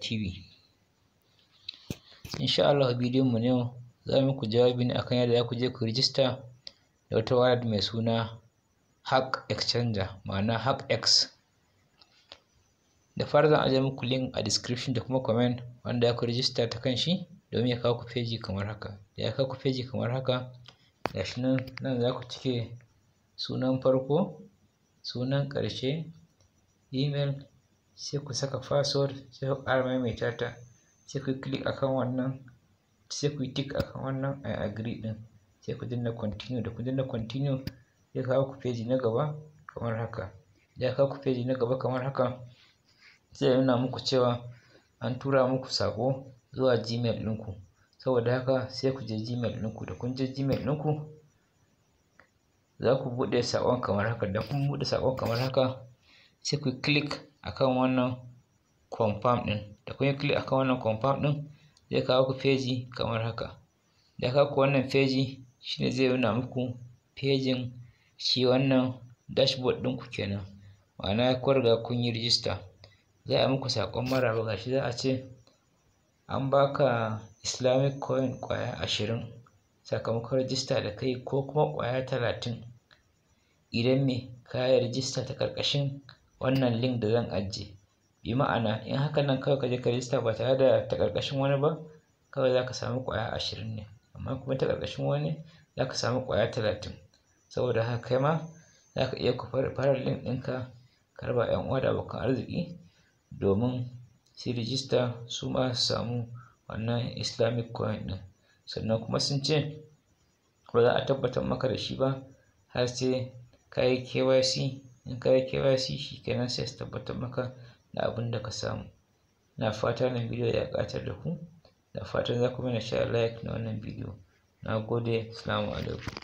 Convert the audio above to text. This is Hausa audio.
TV. Insha Allah a bidiyon mu ne za mu ku jawabi ne akan yadda za ku je ku rijista da wata wallet mai suna Hack Exchanger ma'ana X. Da fara zan ajiye muku link a description da kuma comment wanda ya ku rijista ta kan shi domin ya kawo ku feji kamar haka. Da ya kawo ku feji kamar haka gashi nan nan za ku cike sunan farko sunan ƙarshe email sai ku saka password sai ku ƙara maimaita ta sai ku click akan wannan sai ku tick akan wannan i agree din sai ku danna continue da ku danna continue zai kawo ku page na gaba kamar haka ya kawo ku page na gaba kamar haka sai ya nuna muku cewa an tura muku sako zuwa gmail ɗinku saboda haka sai ku je gmail ɗinku da kun je gmail ɗinku za ku buɗe saƙon kamar haka da kun buɗe saƙon kamar haka sai ku click akan wannan confirm din da kun yi click akan wannan confirm din zai kawo ku feji kamar haka da kawo ku wannan feji shine zai nuna muku fejin shi wannan dashboard din ku kenan ma'ana ku riga kun yi register za a muku sakon maraba gashi za a ce an baka islamic coin kwaya ashirin sakamakon rajista da kai ko kuma kwaya talatin idan me ka rajista ta karkashin wannan link da zan ajiye bi ma'ana in haka nan kawai ka je ka rijista ba tare da ta ƙarƙashin wani ba kawai za ka samu ƙwaya ashirin ne amma kuma ta ƙarƙashin wani za ka samu ƙwaya talatin saboda haka kai ma za ka iya ku fara link ɗinka ka raba 'yan uwa da abokan arziki domin su rijista su ma su samu wannan islamic coin ɗin sannan kuma sun ce ba za a tabbatar maka da shi ba har sai ka yi KYC in ka yi KYC shi kenan sai su tabbatar maka da abin da ka samu na fata wannan bidiyo ya ƙatar da ku da fatan za ku mana sha like na wannan bidiyo na gode salamu alaikum